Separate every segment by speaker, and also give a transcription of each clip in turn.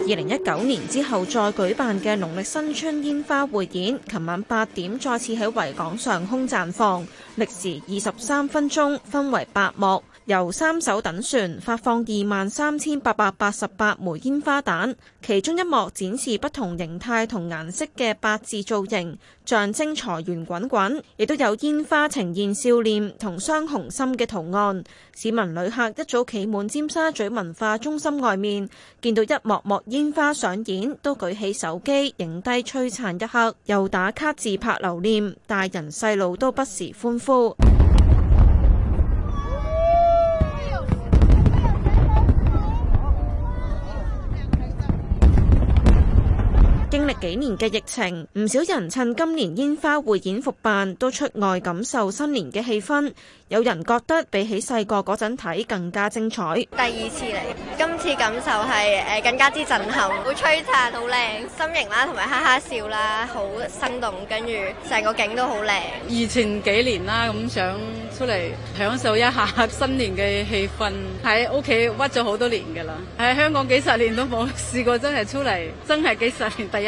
Speaker 1: 二零一九年之後再舉辦嘅農曆新春煙花匯演，昨晚八點再次喺維港上空綻放，歷時二十三分鐘，分為八幕。由三艘躉船發放二萬三千八百八十八枚煙花彈，其中一幕展示不同形態同顏色嘅八字造型，象徵財源滾滾；亦都有煙花呈現笑臉同雙紅心嘅圖案。市民旅客一早企滿尖沙咀文化中心外面，見到一幕幕煙花上演，都舉起手機影低璀璨一刻，又打卡自拍留念，大人細路都不時歡呼。經歷幾年嘅疫情，唔少人趁今年煙花匯演復辦，都出外感受新年嘅氣氛。有人覺得比起細個嗰陣睇更加精彩。第二次嚟，今次感受係誒，更加之震撼，好璀璨，好靚，心形啦，同埋哈哈笑啦，好生動，跟住成個景都好靚。以前幾年啦，咁想出嚟享受一下新年嘅氣氛，喺屋企屈咗好多年噶啦，喺香港幾十年都冇試過，真係出嚟，真係幾十年第一。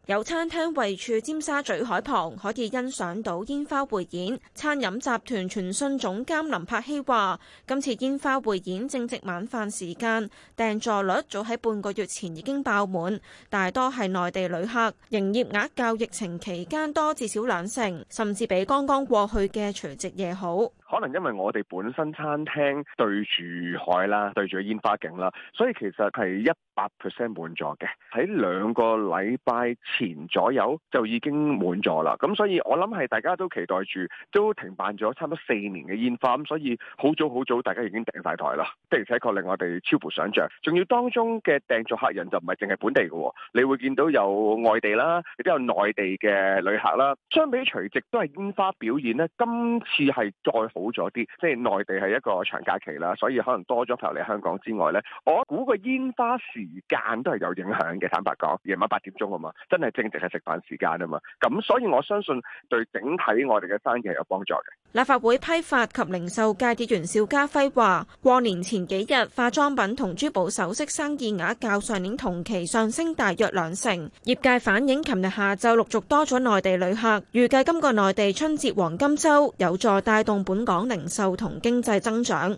Speaker 1: 有餐廳位處尖沙咀海旁，可以欣賞到煙花匯演。餐飲集團傳訊總監林柏希話：今次煙花匯演正值晚飯時間，訂座率早喺半個月前已經爆滿，大多係內地旅客。營業額較疫情期間多至少兩成，甚至比剛剛過去嘅除夕夜好。
Speaker 2: 可能因為我哋本身餐廳對住海啦，對住煙花景啦，所以其實係一百 percent 滿座嘅。喺兩個禮拜前左右就已經滿座啦。咁所以我諗係大家都期待住，都停辦咗差唔多四年嘅煙花，咁所以好早好早大家已經訂晒台啦。的而且確令我哋超乎想像，仲要當中嘅訂座客人就唔係淨係本地嘅，你會見到有外地啦，亦都有內地嘅旅客啦。相比隨即都係煙花表演呢，今次係再好。好咗啲，即係內地係一個長假期啦，所以可能多咗朋友嚟香港之外咧，我估個煙花時間都係有影響嘅。坦白講，夜晚八點鐘啊嘛，真係正直係食飯時間啊嘛，咁所以我相信對整體我哋嘅生意係有幫助嘅。
Speaker 1: 立法會批發及零售界議員邵家輝話，過年前幾日，化妝品同珠寶首飾生意額較上年同期上升大約兩成。業界反映，琴日下晝陸續多咗內地旅客，預計今個內地春節黃金周有助帶動本港零售同經濟增長。